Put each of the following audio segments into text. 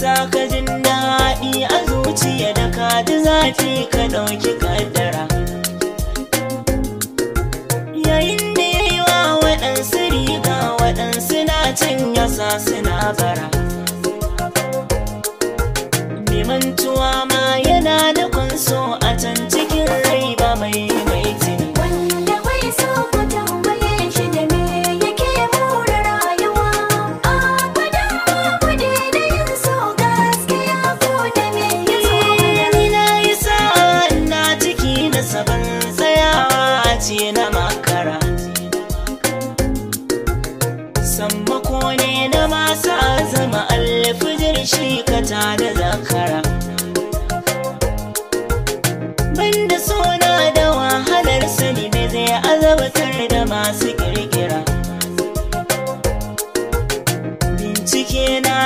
sa ka jin daɗi a zuciya da ka ji zafi ka ɗauki kaddara yayin da ya yi wa waɗansu riga waɗansu na cin yasa suna bara mai mantuwa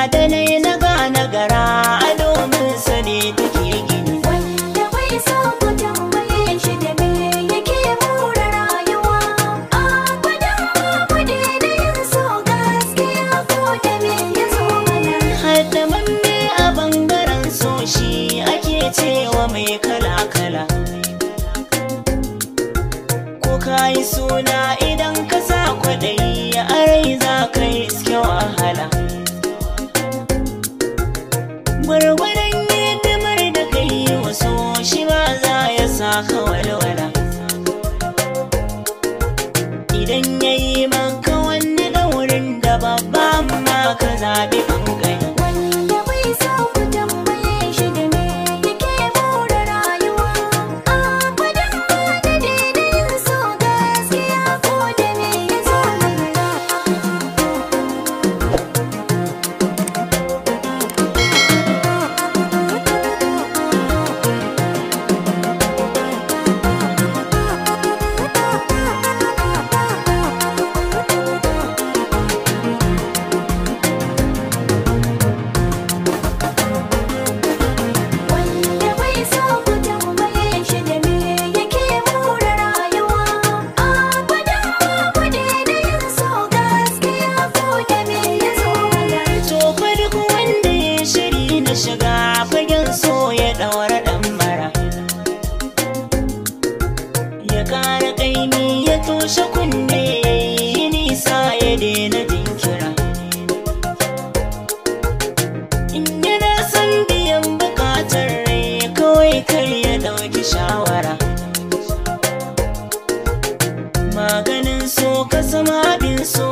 da nai na gane gara a domin sani take gini wanda bai so ku tambaye shi da me yake mura rayuwa a gudun kudi da yin so gaskiya da me ya zo mana hada mamme a ɓangaren so shi ake cewa mai kala kala ko suna idan ka toshe kunne nisa ya daina jinkira inda na san biyan bukatar rai kawai kar ya dauki shawara maganin so ka zama abin so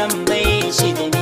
zan bai shi da